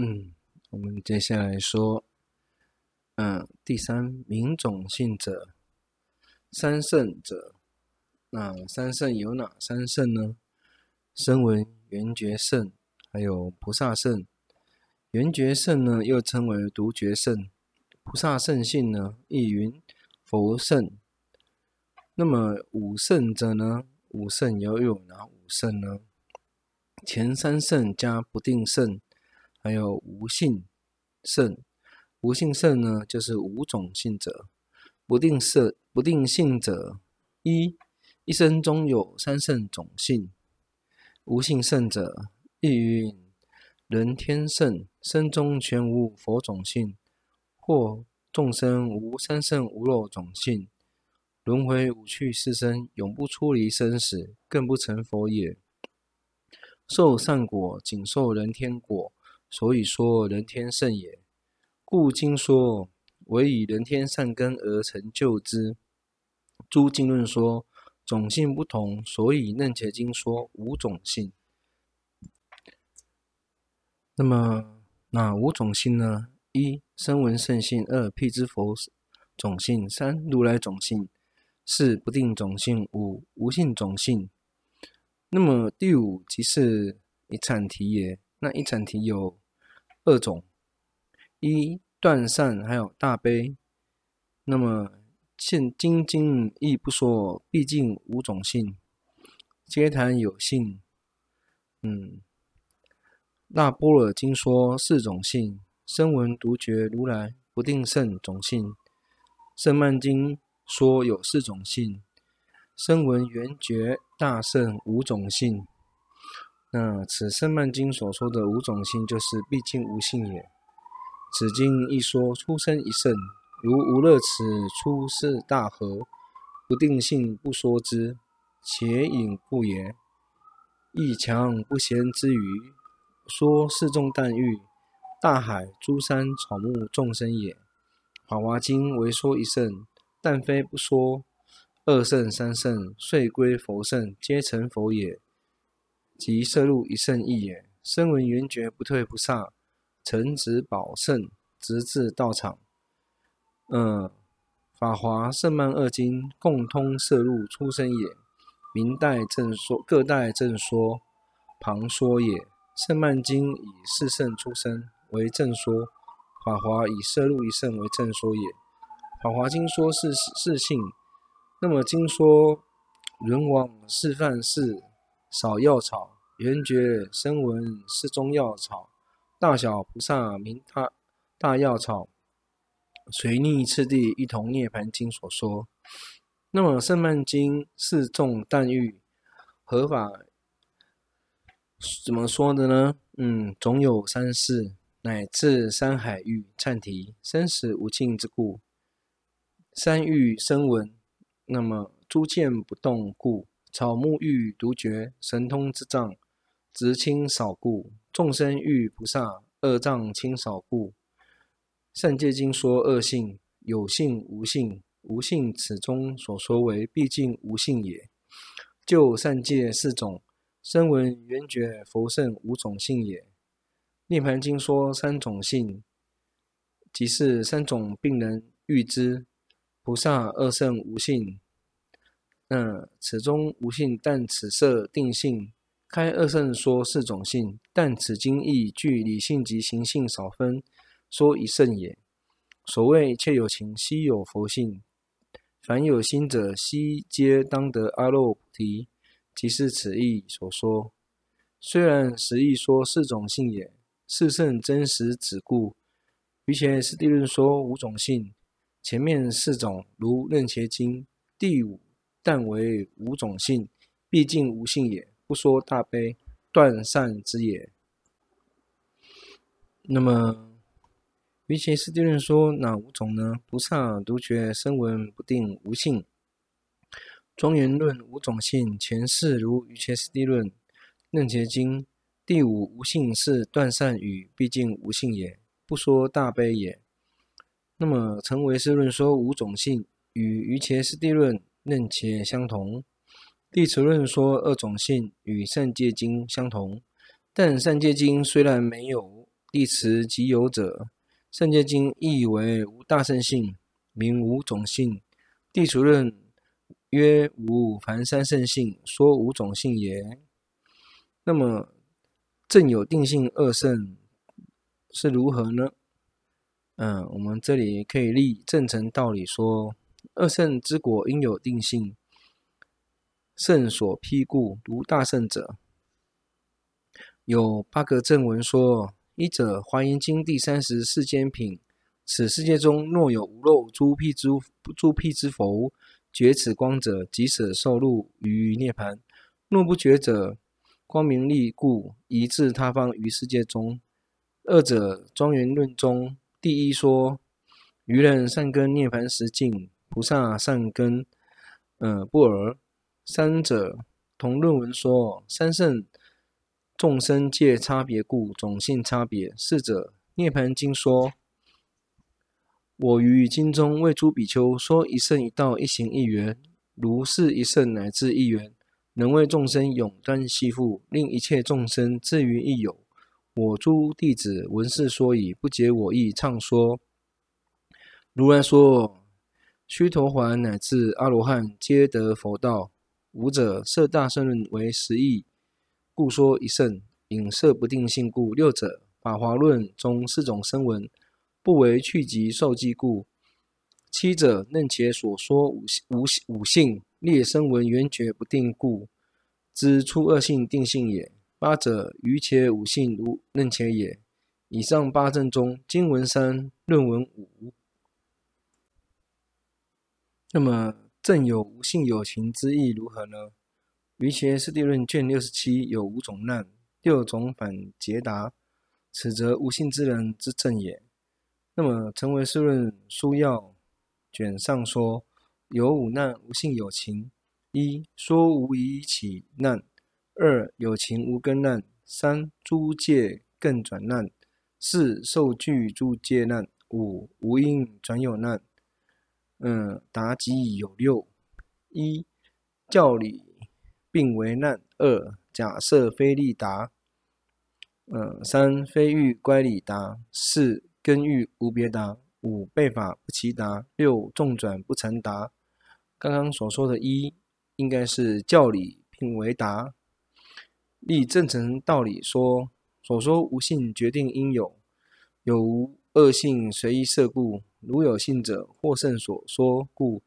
嗯，我們接下來說，嗯、啊，第三明種性者，三聖者，那、啊、三聖有哪三聖呢？聲聞、緣覺聖，還有菩薩聖。緣覺聖呢，又稱為獨覺聖；菩薩聖性呢，亦云佛聖。那麼五聖者呢？五聖又有哪五聖呢？前三聖加不定聖。還有無性聖，無性聖呢，就是無種性者，不定色、不定性者。一一生中有三乘種性，無性聖者，亦云人天乘身中全無佛種性，或眾生無三乘無漏種性，輪迴五趣四生，永不出離生死，更不成佛也。受善果，僅受人天果。所以說人天聖也，故經說唯以人天善根而成就之。諸經論說種性不同，所以楞伽經說五種性。那麼哪五種性呢？一、聲聞聖性；二、辟支佛種性；三、如來種性；四、不定種性；五、無性種性。那麼第五即是一闡提也。那一闡提有二種，一斷善，還有大悲。那麼現今經亦不說，畢竟五種性，皆談有性。嗯，那波爾經說四種性，聲聞獨覺如來不定勝種性。勝鬘經說有四種性，聲聞緣覺大乘五種性。那此勝鬘經所說的無種性，就是畢竟無性也。此經一說出生一乘，如無熱池出世大河，不定性不說之，且隱不言，亦強不賢之餘，說是眾誕欲大海諸山草木眾生也。法華經唯說一乘，但非不說，二乘三乘遂歸佛乘，皆成佛也。即攝入一聖意也。聲聞緣覺不退不散，臣子保聖，直至道場。嗯，《法華聖曼二經》共通攝入出生也。明代正說，各代正說，旁說也。聖曼經以四聖出生為正說，《法華》以攝入一聖為正說也。法華說《法華經》說是四性，那麼經說輪王示範是。少藥草，緣覺聲聞是中藥草，大小菩薩名大大藥草，隨逆次第，亦同涅槃經所說。那麼勝鬘經四眾誕玉，合法怎麼說的呢？嗯，總有三世乃至山海玉，闡提，生死無盡之故，三玉聲聞，那麼諸見不動故。草木欲獨覺神通之障，直清掃故；眾生欲菩薩二障清掃故。善戒經說二性有性無性，無性此中所說為畢竟無性也。就善戒四種聲聞緣覺佛聖五種性也。涅槃經說三種性，即是三種病人欲知菩薩二聖無性。嗯，那此中無性，但此色定性。開二乘說四種性，但此經亦具理性及行性，少分說一乘也。所謂切有情悉有佛性，凡有心者悉皆當得阿耨菩提，即是此意所說。雖然實意說四種性也，四聖真實只故。餘瑜伽師地論說五種性，前面四種如楞伽經第五。但為無種性，畢竟無性也不說大悲斷善之也。那麼，於瑜伽師地論說哪五種呢？菩薩獨覺聲聞不定無性。莊嚴論五種性，前世如於瑜伽師地論論結經第五無性是斷善與，畢竟無性也不說大悲也。那麼成唯識論說五種性與於瑜伽師地論，認且相同，地持論說二種性與善戒經相同，但善戒經雖然沒有地持即有者，善戒經亦為無大乘性，名無種性。地持論曰：無凡三乘性，說無種性也。那麼正有定性二乘是如何呢？嗯，我們這裡可以立證成道理說。二聖之果應有定性，聖所披故，如大聖者，有八個正文說：一者，《華嚴經》第三十世間品，此世界中若有無漏諸辟諸諸辟之佛，覺此光者，即捨受入於涅槃；若不覺者，光明力故，移至他方於世界中。二者，莊《莊嚴論》中第一說，愚人善根涅槃時盡。菩薩善根，嗯、呃，不爾，三者同論文說三聖，眾生界差別故，種性差別。四者，《涅槃經》說：我於經中為諸比丘說一聖一道一行一緣，如是一聖乃至一緣，能為眾生永斷繫縛，令一切眾生至於一有。我諸弟子聞是說已，不解我意，唱說。如來說。須陀洹乃至阿羅漢，皆得佛道。五者，攝大乘論為十義，故說一乘。影攝不定性故。六者，法華論中四種聲聞，不為趣寂受記故。七者，楞伽所說五五五性列聲聞緣覺不定故，知初二性定性也。八者，瑜伽五性如楞伽也。以上八證中，經文三，論文五。那麼證有無性有情之義如何呢？《瑜伽師地論》卷六十七有五種難，六種返詰答，此則無性之人之證也。那麼《成唯識論》樞要卷上說，有五難，無性有情：一說無以起難；二有情無根難；三諸界更轉難；四受具諸界難；五無因轉有難。嗯，答即有六：一教理並為難；二假設非利答；嗯，三非欲乖理答；四根欲無別答；五背法不其答；六重轉不成答。剛剛所說的“一”應該是教理並為答，立正成道理說，所說無性決定應有，有無惡性隨意設故。如有信者，或聖所說，故，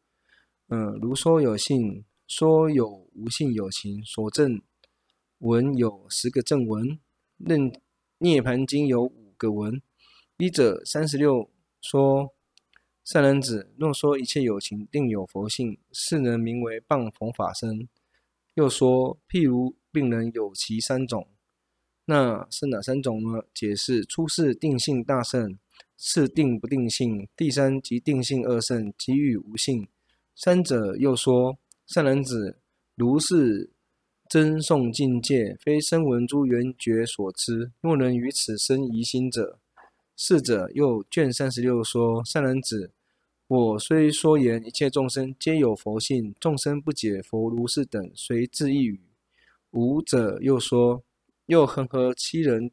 嗯、呃，如說有信，說有無信有情。所證。文有十個正文，認涅槃經有五個文。一者三十六說，善男子，若說一切有情定有佛性，是人名為謗佛法身。又說，譬如病人有其三種，那是哪三種呢？解釋初是定性大乘。是定不定性，第三即定性二乘及與無性，三者又說：善男子，如是真頌境界，非聲聞諸緣覺所知。若能於此生疑心者，四者又卷三十六說：善男子，我雖說言一切眾生皆有佛性，眾生不解佛如是等，隨自意語。五者又說：又恆河七人，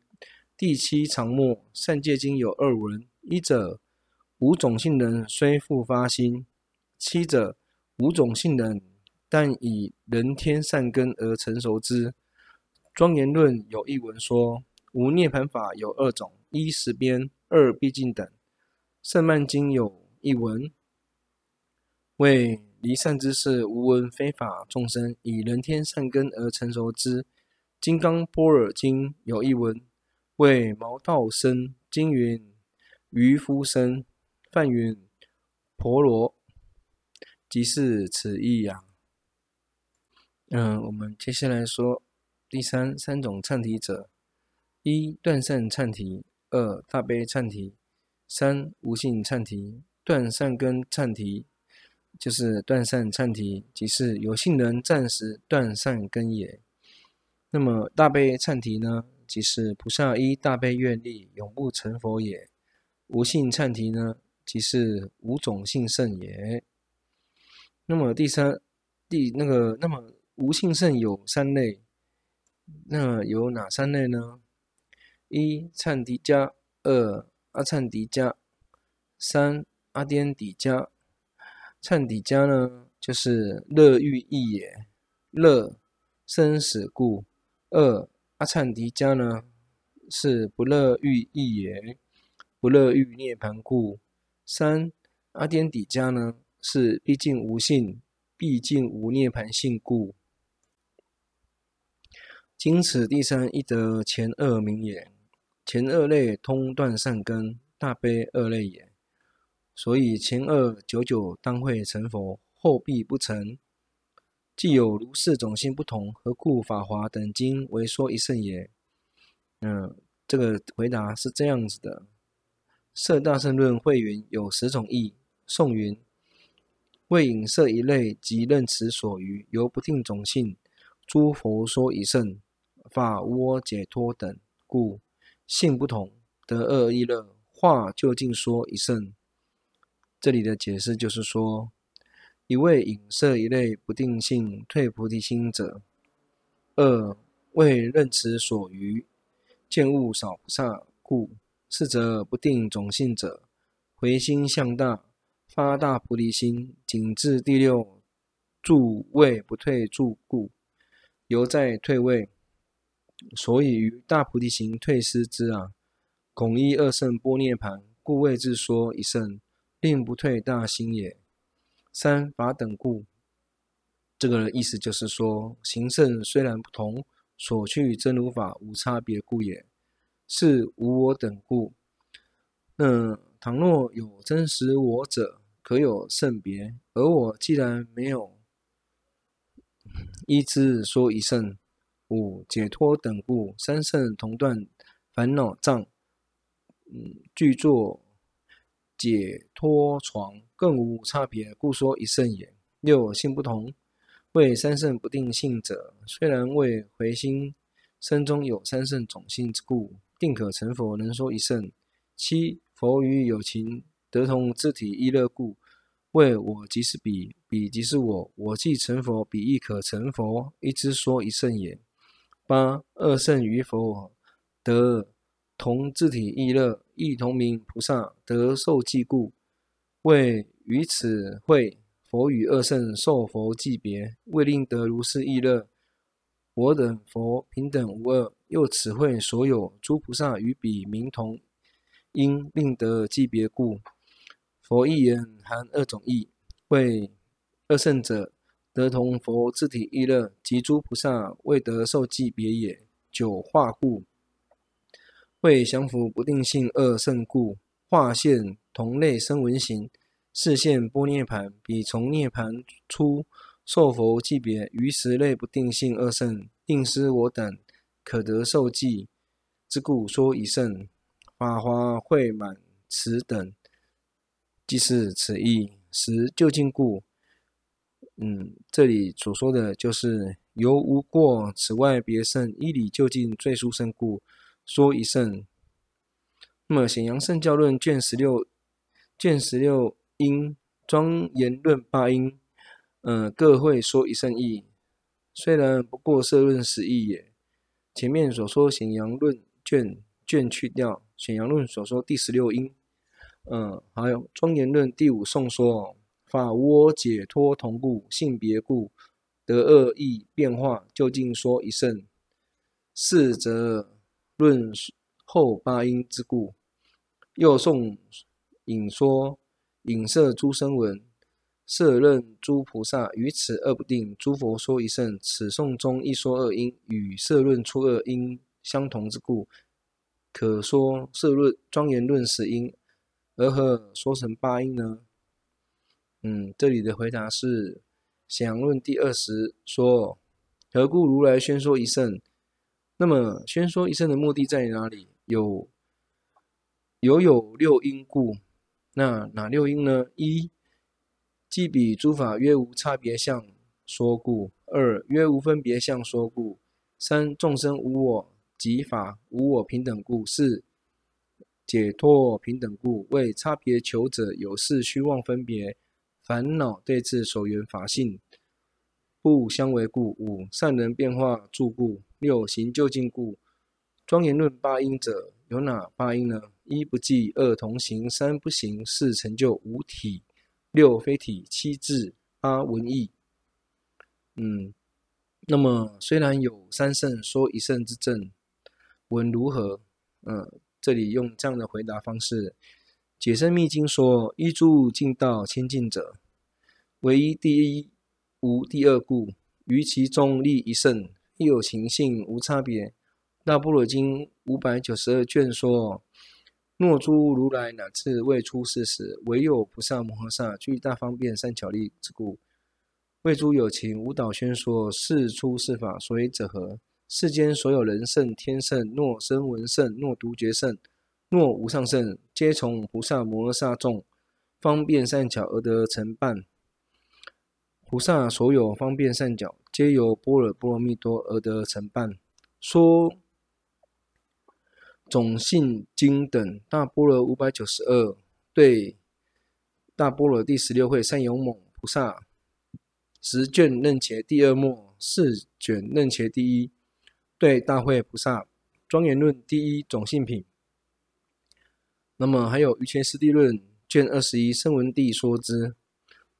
第七常默，善戒經有二文。一者，無種性人雖復發心；七者，無種性人但以人天善根而成熟之。莊嚴論有一文說：無涅槃法有二種，一時邊，二畢竟等。勝鬘經有一文，謂離善之事無聞非法眾生以人天善根而成熟之。金剛般若經有一文，謂毛道生經雲。愚夫生，梵云婆羅，即是此意也，啊。嗯、呃，我們接下來說第三三種闡提者：一斷善闡提，二大悲闡提，三無性闡提。斷善根闡提，就是斷善闡提，即是有性人暫時斷善根也。那麼大悲闡提呢，即是菩薩依大悲願力，永不成佛也。無性闡提呢，即是無種性聖也。那麼第三，第那個，那麼無性聖有三類，那麼有哪三類呢？一闡底迦；二阿闡底迦；三阿顛底迦。闡底迦呢，就是樂欲意也，樂生死故。二阿闡底迦呢，是不樂欲意也。不樂欲涅槃故，三阿典底迦呢，是畢竟無性，畢竟無涅槃性故。今此第三一得前二名也，前二類通斷善根、大悲二類也。所以前二久久當會成佛，後必不成。既有如是種性不同，何故法華等經為說一乘也？嗯、呃，這個回答是這樣子的。攝大乘論會云，有十種義。頌云：“為引攝一類，即任持所餘，由不定種性，諸佛說一乘，法無我解脫等，故性不同，得二意樂。”化究竟說一乘。這裡的解釋就是說，一為引攝一類不定性，退菩提心者，二為任持所餘，見物少不善故。四者不定種性者，回心向大，發大菩提心，僅至第六住位不退住故，猶在退位，所以於大菩提行退失之啊。恐一二聖般涅槃，故為之說一乘，令不退大心也。三法等故，這個意思就是說，行聖雖然不同，所趣真如法無差別故也。四無我等故，那倘若有真實我者，可有勝別？而我既然沒有，一知說一乘，五解脫等故，三乘同斷煩惱障，嗯，具作解脫床，更無差別，故說一乘也。六性不同，為三乘不定性者，雖然為回心身中有三乘種性之故。定可成佛，能說一乘。七、佛與有情得同自體意樂故，謂我即是彼，彼即是我，我既成佛，彼亦可成佛，一之說一乘也。八、二乘與佛得同自體意樂，亦同名菩薩，得受記故，謂於此會佛與二乘受佛記別，未令得如是意樂。我等佛平等無二，又此會所有諸菩薩與彼名同，因令得記別故。佛一言含二種義，為二聖者得同佛自體意樂，及諸菩薩未得受記別也。九化故，為降伏不定性二聖故，化現同類聲聞形，示現波涅盤，彼從涅盤出。受佛記別於時類不定性二乘定思我等可得受記，之故說一乘法華會滿池等，即是此意。持就近故，嗯，這裡所說的就是由無過此外別聖一理就近最殊勝故說一乘。那麼《顯揚聖教論卷 16, 卷16》卷十六，卷十六因莊嚴論八因。嗯，各會說一乘義，雖然不過攝論十義也。前面所說顯揚論卷卷去掉，顯揚論所說第十六因，嗯，還有莊嚴論第五頌說，法無我解脫同故，性別故得二意變化究竟說一乘。四則論後八因之故，又頌引說，引攝諸聲聞。攝論諸菩薩於此二不定，諸佛說一乘，此頌中亦說二因，與攝論初二因相同之故，可說攝論莊嚴論十因，而何說成八因呢？嗯，這裡的回答是《顯揚論》第二十說：何故如來宣說一乘？那麼宣說一乘的目的在哪裡？有有有六因故。那哪六因呢？一即彼諸法約無差別相說故，二約無分別相說故，三眾生無我即法無我平等故，四解脫平等故，為差別求者有事虛妄分別煩惱對治所緣法性不相為故，五善人變化住故，六行就近故。莊嚴論八因者有哪八因呢？一不計，二同行，三不行，四成就，五體。六非體，七智，八文意。嗯，那麼雖然有三乘說一乘之證，文如何？嗯、呃，這裡用這樣的回答方式，《解深密經》說：一住盡道，千進者唯一第一，無第二故。於其中立一乘，亦有情性，無差別。《大般若經》五百九十二卷說。若諸如來乃至未出世時，唯有菩薩摩訶薩具大方便善巧力之故，為諸有情無倒宣說世出世法。所以者何？世間所有人聖、天聖、若聲聞聖、若獨覺聖、若無上聖，皆從菩薩摩訶薩眾方便善巧而得成辦。菩薩所有方便善巧，皆由般若波羅蜜多而得成辦。說。種性經、等大般若五百九十二對大般若第十六會善勇猛菩薩十卷楞伽第二末四卷楞伽第一對大會菩薩莊嚴論第一種性品。那麼還有瑜伽師地論卷二十一聲聞地，說之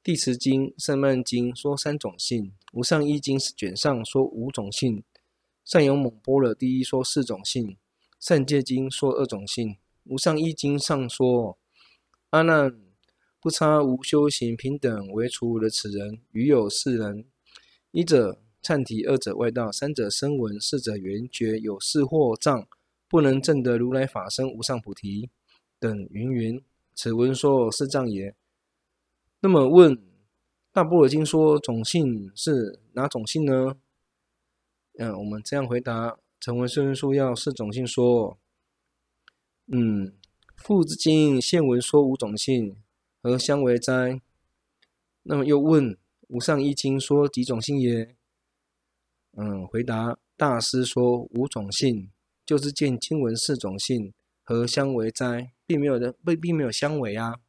地持經、善曼經說三種性，無上依經卷上說五種性，善勇猛般若第一說四種性。善戒經說二種性，無上依經上說，阿難不差無修行平等為除的此人，餘有四人：一者闡提，二者外道，三者聲聞，四者緣覺。有四惑障，不能證得如來法身無上菩提等云云。此文說四障也。那麼問大般若經說種性是哪種性呢？嗯，我們這樣回答。成文聖人書要四種性說，嗯，父之經現文說五種性，和相為哉？那麼又問：無上一經說幾種性也？嗯，回答大師說五種性，就是見經文四種性和相為哉，並沒有的，未並沒有相為啊。